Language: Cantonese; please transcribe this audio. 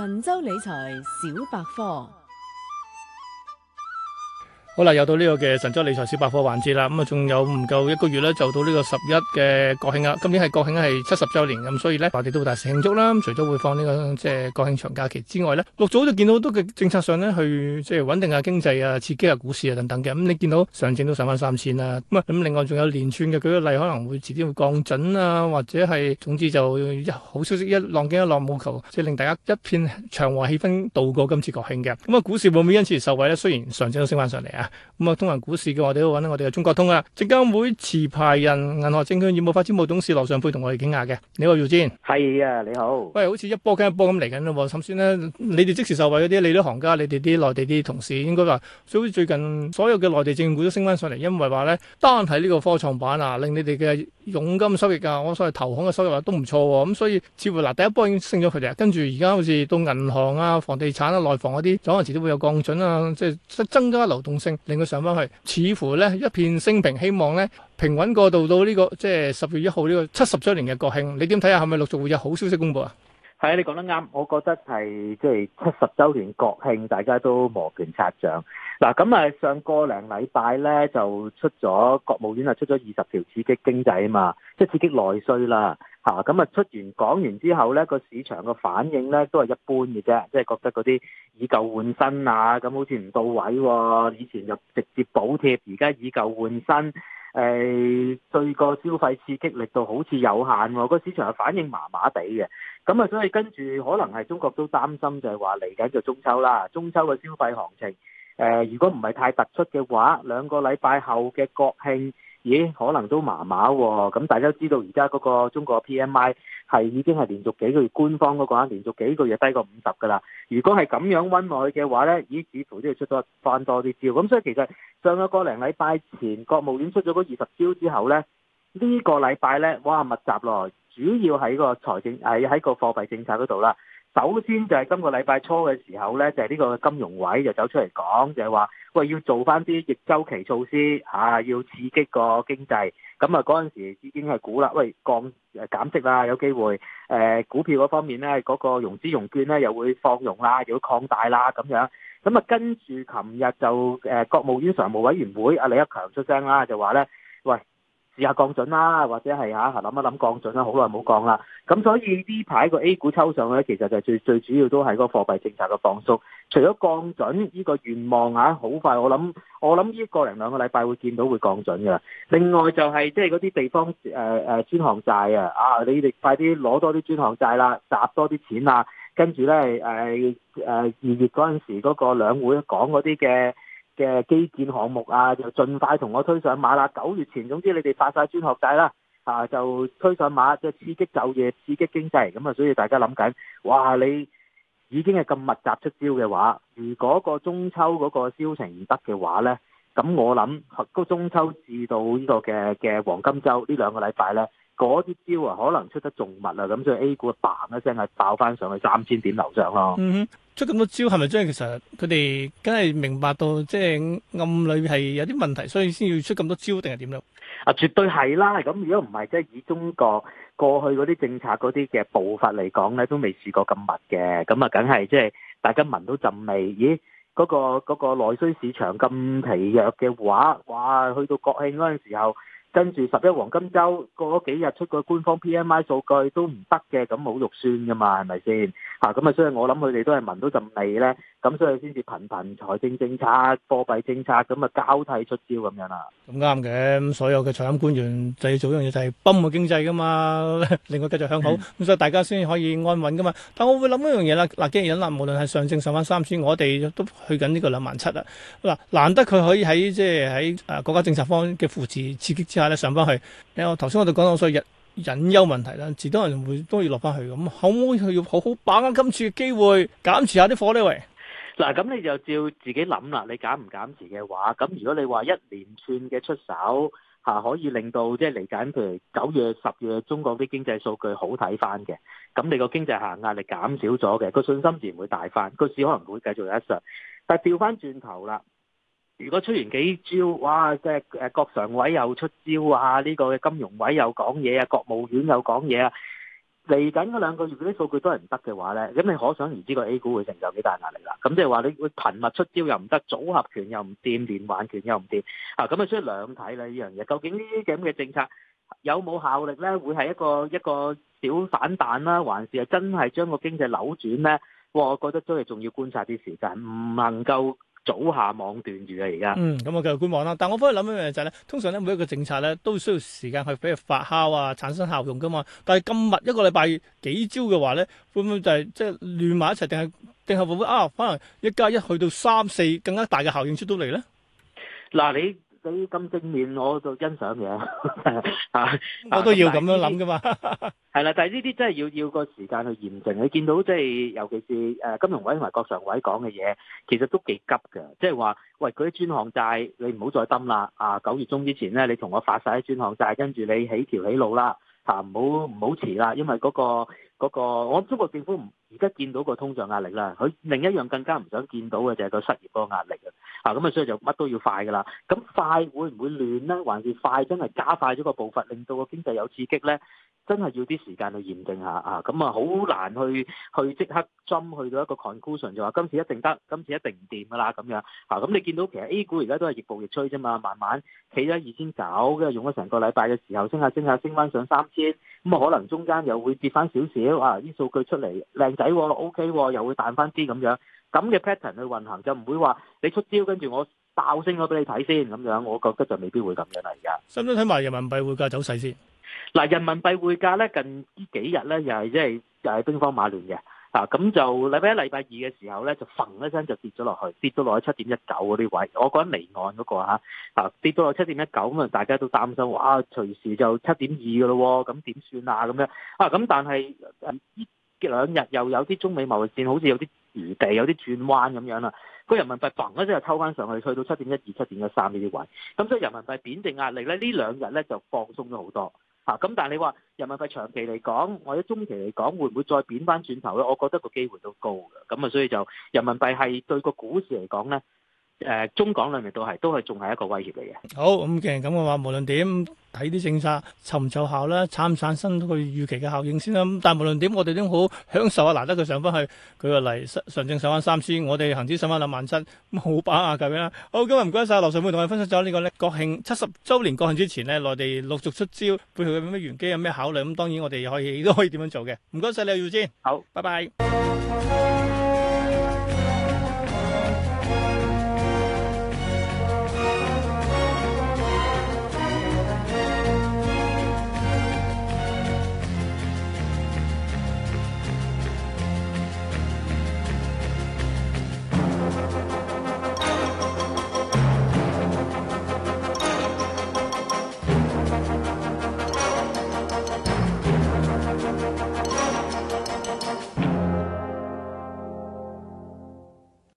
神州理財小百科。好啦，又到呢個嘅神州理財小百科環節啦，咁啊，仲有唔夠一個月咧，就到呢個十一嘅國慶啦。今年係國慶係七十周年，咁所以咧，我哋都會大肆慶祝啦。咁除咗會放呢個即係國慶長假期之外咧，六早就見到好多嘅政策上咧去即係穩定下經濟啊、刺激下股市啊等等嘅。咁你見到上證都上翻三千啦，咁啊，咁另外仲有連串嘅，舉個例可能會遲啲會降準啊，或者係總之就一好消息一浪驚一浪，冇求即係令大家一片祥和氣氛度過今次國慶嘅。咁啊，股市會唔會因此受惠咧？雖然上證都升翻上嚟啊。咁啊，通行股市嘅我哋都揾到我哋嘅中國通啊，證監會持牌人、銀河證券業務發展部董事羅尚沛同我哋傾下嘅，你好趙先，係啊，你好，喂，好似一波跟一波咁嚟緊咯，首先呢，你哋即時受惠嗰啲，你啲行家，你哋啲內地啲同事，應該話，所以好最近所有嘅內地證券股都升翻上嚟，因為話咧，單係呢個科創板啊，令你哋嘅佣金收益啊，我所謂投行嘅收入啊，都唔錯喎，咁、嗯、所以似乎嗱第一波已經升咗佢哋，跟住而家好似到銀行啊、房地產啊、內房嗰啲，總言之都會有降準啊，即係增加流動性。令佢上翻去，似乎呢一片升平，希望呢平穩過渡到呢個即係十月一號呢個七十周年嘅國慶。你點睇下，係咪陸續會有好消息公布啊？係啊，你講得啱。我覺得係即係七十周年國慶，大家都摩拳擦掌。嗱，咁啊，上個零禮拜咧，就出咗國務院啊，出咗二十條刺激經濟啊嘛，即係刺激內需啦。吓，咁啊，出完講完之後咧，個市場嘅反應咧都係一般嘅啫，即係覺得嗰啲以舊換新啊，咁好似唔到位喎。以前就直接補貼，而家以舊換新。誒，對個消費刺激力度好似有限喎，個市場嘅反應麻麻地嘅，咁啊，所以跟住可能係中國都擔心，就係話嚟緊就中秋啦，中秋嘅消費行情，誒，如果唔係太突出嘅話，兩個禮拜後嘅國慶已經可能都麻麻喎，咁大家知道而家嗰個中國 PMI。係已經係連續幾個月官方嗰個、啊，連續幾個月低過五十㗎啦。如果係咁樣溫落去嘅話呢，似乎都要出多翻多啲招。咁所以其實上個個零禮拜前，國務院出咗嗰二十招之後咧，這個、禮呢個禮拜咧，哇密集咯，主要喺個財政，誒喺個貨幣政策嗰度啦。首先就係今個禮拜初嘅時候呢，就係、是、呢個金融委就走出嚟講，就係、是、話。喂，要做翻啲逆周期措施嚇、啊，要刺激個經濟。咁、嗯、啊，嗰陣時已經係估啦，喂，降誒減息啦，有機會誒、呃、股票嗰方面咧，嗰、那個融資融券咧又會放融啦，又要擴大啦咁樣。咁、嗯、啊，跟住琴日就誒、呃、國務院常務委員會阿、啊、李克強出聲啦，就話咧。而家降準啦、啊，或者係嚇諗一諗降準啦、啊，好耐冇降啦。咁所以呢排個 A 股抽上咧，其實就最最主要都係嗰個貨幣政策嘅放鬆。除咗降準，呢個願望啊，好快，我諗我諗呢個零兩個禮拜會見到會降準嘅喇。另外就係即係嗰啲地方誒誒、呃、專項債啊，啊你哋快啲攞多啲專項債啦、啊，集多啲錢啊，跟住咧誒誒二月嗰陣時嗰個兩會講嗰啲嘅。嘅基建項目啊，就盡快同我推上馬啦！九月前，總之你哋發晒專項債啦，啊就推上馬，即係刺激就業、刺激經濟。咁啊，所以大家諗緊，哇！你已經係咁密集出招嘅話，如果個中秋嗰個銷情唔得嘅話呢，咁我諗個中秋至到呢個嘅嘅黃金週呢兩個禮拜呢。嗰啲招啊，可能出得仲密啦，咁所以 A 股嘭一聲係爆翻上去三千點樓上咯。嗯哼，出咁多招係咪即係其實佢哋梗係明白到即係暗裏係有啲問題，所以先要出咁多招定係點樣？啊，絕對係啦。咁如果唔係，即係以中國過去嗰啲政策嗰啲嘅步伐嚟講咧，都未試過咁密嘅。咁啊，梗係即係大家聞到陣味，咦？嗰個嗰個內需市場咁疲弱嘅話，哇！去到國慶嗰陣時候。跟住十一黃金週過嗰幾日，出個官方 PMI 數據都唔得嘅，咁冇肉酸㗎嘛，係咪先？啊，咁啊，所以我諗佢哋都係聞到陣味咧，咁所以先至頻頻財政政策、貨幣政策咁啊交替出招咁樣啦、啊。咁啱嘅，所有嘅財金官員就要做一樣嘢，就係泵個經濟噶嘛， 令佢繼續向好，咁、嗯、所以大家先可以安穩噶嘛。但我會諗一樣嘢啦，嗱，既然啦，無論係上證上翻三千，我哋都去緊呢個兩萬七啦。嗱，難得佢可以喺即係喺誒國家政策方嘅扶持刺激之下咧，上翻去。誒，我頭先我哋講到衰嘅。隱憂問題啦，遲多人會都要落翻去咁，可唔可以去要好好，好，好把握今次嘅機會減持下啲貨呢？喂，嗱，咁你就照自己諗啦，你減唔減持嘅話，咁如果你話一連串嘅出手吓、啊，可以令到即係嚟緊，譬如九月、十月，中國啲經濟數據好睇翻嘅，咁你個經濟下壓力減少咗嘅，個信心自然會大翻，個市可能會繼續向上，但係調翻轉頭啦。如果出完幾招，哇！即係誒國常委又出招啊，呢個金融委又講嘢啊，國務院又講嘢啊。嚟緊嗰兩個月嗰啲數據都係唔得嘅話咧，咁你可想而知個 A 股會承受幾大壓力啦。咁即係話你會頻密出招又唔得，組合拳又唔掂，連環拳又唔掂啊！咁啊，所以兩睇啦呢樣嘢。究竟呢啲咁嘅政策有冇效力咧？會係一個一個小反彈啦，還是係真係將個經濟扭轉咧？哇！我覺得都係仲要觀察啲時間，唔能夠。早下網斷住啊！而家嗯，咁我繼續觀望啦。但係我反而諗一樣嘢，就係咧，通常咧每一個政策咧都需要時間去俾佢發酵啊，產生效用噶嘛。但係今日一個禮拜幾招嘅話咧，會唔會就係即係亂埋一齊，定係定係會唔會啊？可能一加一去到三四更加大嘅效應出到嚟咧？嗱，你。你咁正面，我就欣賞嘅，嚇、 啊！我都要咁樣諗噶嘛，係 啦、啊。但係呢啲真係要要個時間去驗證。你見到即、就、係、是、尤其是誒金融委同埋國常委講嘅嘢，其實都幾急嘅。即係話，喂，嗰啲專項債你唔好再冧啦。啊，九月中之前咧，你同我發晒啲專項債，跟住你起條起路啦，吓、啊，唔好唔好遲啦，因為嗰、那個。嗰、那個我諗中國政府唔而家見到個通脹壓力啦，佢另一樣更加唔想見到嘅就係個失業嗰個壓力啊！啊咁啊，所以就乜都要快噶啦。咁快會唔會亂呢？還是快真係加快咗個步伐，令到個經濟有刺激呢？真係要啲時間去驗證下啊！咁、嗯、啊，好、嗯、難去去即刻 jump 去到一個 conclusion，就話今次一定得，今次一定唔掂噶啦咁樣啊！咁、嗯嗯嗯、你見到其實 A 股而家都係亦步亦趨啫嘛，慢慢企咗二千九跟住用咗成個禮拜嘅時候，升下升下，升翻上三千、嗯，咁、嗯、啊可能中間又會跌翻少少。都話啲數據出嚟靚仔喎，O K 喎，又會彈翻啲咁樣，咁嘅 pattern 去運行，就唔會話你出招，跟住我爆升咗俾你睇先咁樣，我覺得就未必會咁樣啦。而家使唔使睇埋人民幣匯價走勢先？嗱，人民幣匯價咧近幾呢幾日咧又係即係又係兵荒馬亂嘅。啊，咁就禮拜一、禮拜二嘅時候咧，就嘣一聲就跌咗落去，跌咗落去七點一九嗰啲位。我覺得離岸嗰個嚇，啊跌咗落七點一九，咁啊大家都擔心，啊，隨時就七點二嘅咯喎，咁點算啊咁樣。啊，咁但係呢兩日又有啲中美貿易戰，好似有啲餘地，有啲轉彎咁樣啦。個人民幣嘣一聲又抽翻上去，去到七點一二、七點一三呢啲位。咁所以人民幣貶值壓力咧，呢兩日咧就放鬆咗好多。啊！咁但係你話人民幣長期嚟講，或者中期嚟講，會唔會再貶翻轉頭咧？我覺得個機會都高嘅，咁啊，所以就人民幣係對個股市嚟講咧。誒中港兩面都係，都係仲係一個威脅嚟嘅。好，咁既然咁嘅話，無論點睇啲政策，奏唔奏效啦，產唔產生到佢預期嘅效應先啦。咁但係無論點，我哋都好享受啊！難得佢上翻去，舉個例，上上證上翻三千，我哋恆指上翻兩萬七，冇把握咁樣啦。好，今日唔該晒羅尚沛同我哋分析咗呢個咧，國慶七十週年國慶之前咧，內地陸續出招背後有咩玄機、有咩考慮。咁當然我哋可以都可以點樣做嘅。唔該曬廖耀先，好，拜拜。